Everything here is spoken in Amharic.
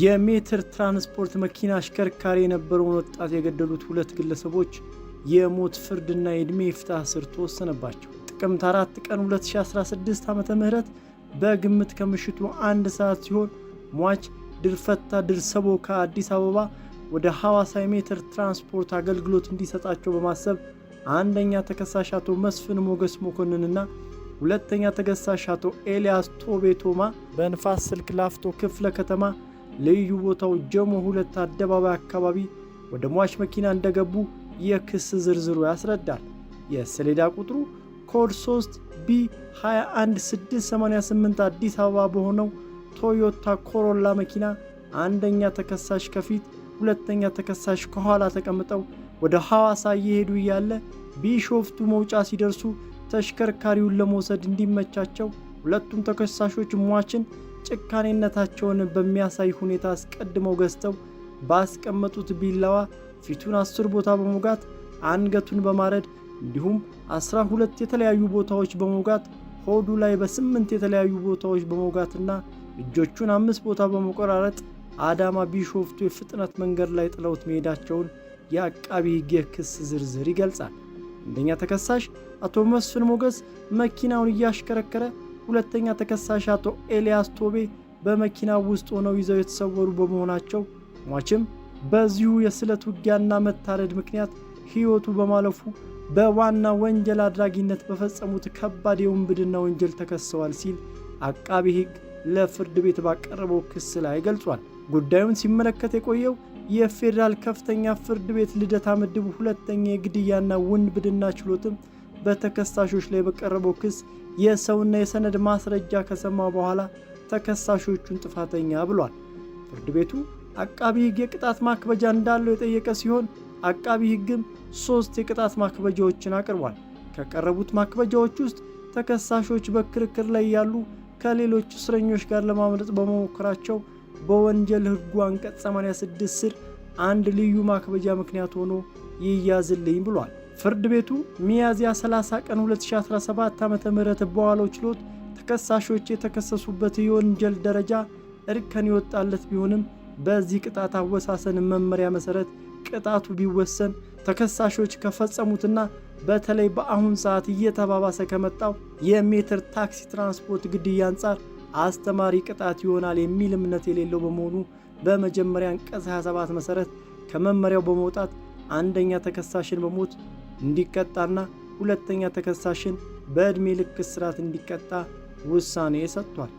የሜትር ትራንስፖርት መኪና አሽከርካሪ የነበረውን ወጣት የገደሉት ሁለት ግለሰቦች የሞት ፍርድና የዕድሜ ፍትሐ ስር ተወሰነባቸው። ጥቅምት 4 ቀን 2016 ዓ ም በግምት ከምሽቱ አንድ ሰዓት ሲሆን ሟች ድርፈታ ድርሰቦ ከአዲስ አበባ ወደ ሐዋሳ የሜትር ትራንስፖርት አገልግሎት እንዲሰጣቸው በማሰብ አንደኛ ተከሳሽ አቶ መስፍን ሞገስ መኮንንና ሁለተኛ ተከሳሽ አቶ ኤልያስ ቶቤቶማ በንፋስ ስልክ ላፍቶ ክፍለ ከተማ ልዩ ቦታው ጀሞ ሁለት አደባባይ አካባቢ ወደ ሟች መኪና እንደገቡ የክስ ዝርዝሩ ያስረዳል። የሰሌዳ ቁጥሩ ኮድ 3 ቢ 21688 አዲስ አበባ በሆነው ቶዮታ ኮሮላ መኪና አንደኛ ተከሳሽ ከፊት ሁለተኛ ተከሳሽ ከኋላ ተቀምጠው ወደ ሐዋሳ እየሄዱ እያለ ቢሾፍቱ መውጫ ሲደርሱ ተሽከርካሪውን ለመውሰድ እንዲመቻቸው ሁለቱም ተከሳሾች ሟችን ጭካኔነታቸውን በሚያሳይ ሁኔታ አስቀድመው ገዝተው ባስቀመጡት ቢላዋ ፊቱን አስር ቦታ በመውጋት አንገቱን በማረድ እንዲሁም አስራ ሁለት የተለያዩ ቦታዎች በመውጋት ሆዱ ላይ በስምንት የተለያዩ ቦታዎች በመውጋትና እጆቹን አምስት ቦታ በመቆራረጥ አዳማ ቢሾፍቱ የፍጥነት መንገድ ላይ ጥለውት መሄዳቸውን የአቃቢ ሕግ የክስ ዝርዝር ይገልጻል። አንደኛ ተከሳሽ አቶ መስፍን ሞገስ መኪናውን እያሽከረከረ ሁለተኛ ተከሳሽ አቶ ኤልያስ ቶቤ በመኪና ውስጥ ሆነው ይዘው የተሰወሩ በመሆናቸው ሟችም በዚሁ የስለት ውጊያና መታረድ ምክንያት ሕይወቱ በማለፉ በዋና ወንጀል አድራጊነት በፈጸሙት ከባድ የውንብድና ወንጀል ተከሰዋል ሲል አቃቢ ሕግ ለፍርድ ቤት ባቀረበው ክስ ላይ ገልጿል። ጉዳዩን ሲመለከት የቆየው የፌዴራል ከፍተኛ ፍርድ ቤት ልደታ ምድብ ሁለተኛ የግድያና ውንብድና ችሎትም በተከሳሾች ላይ በቀረበው ክስ የሰውና የሰነድ ማስረጃ ከሰማ በኋላ ተከሳሾቹን ጥፋተኛ ብሏል። ፍርድ ቤቱ አቃቢ ሕግ የቅጣት ማክበጃ እንዳለው የጠየቀ ሲሆን አቃቢ ሕግም ሦስት የቅጣት ማክበጃዎችን አቅርቧል። ከቀረቡት ማክበጃዎች ውስጥ ተከሳሾች በክርክር ላይ ያሉ ከሌሎች እስረኞች ጋር ለማምለጥ በመሞከራቸው በወንጀል ሕጉ አንቀጽ 86 ስር አንድ ልዩ ማክበጃ ምክንያት ሆኖ ይያዝልኝ ብሏል። ፍርድ ቤቱ ሚያዝያ 30 ቀን 2017 ዓ.ም በዋለው ችሎት ተከሳሾች የተከሰሱበት የወንጀል ደረጃ እርከን ይወጣለት ቢሆንም በዚህ ቅጣት አወሳሰን መመሪያ መሠረት ቅጣቱ ቢወሰን ተከሳሾች ከፈጸሙትና በተለይ በአሁን ሰዓት እየተባባሰ ከመጣው የሜትር ታክሲ ትራንስፖርት ግድያ አንጻር አስተማሪ ቅጣት ይሆናል የሚል እምነት የሌለው በመሆኑ በመጀመሪያ አንቀጽ 27 መሠረት ከመመሪያው በመውጣት አንደኛ ተከሳሽን በሞት እንዲቀጣና ሁለተኛ ተከሳሽን በዕድሜ ልክ እስራት እንዲቀጣ ውሳኔ ሰጥቷል።